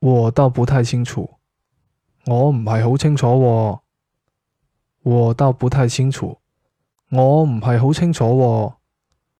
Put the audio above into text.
我倒不太清楚，我唔係好清楚，哦。我倒不太清楚，我唔係好清楚，哦。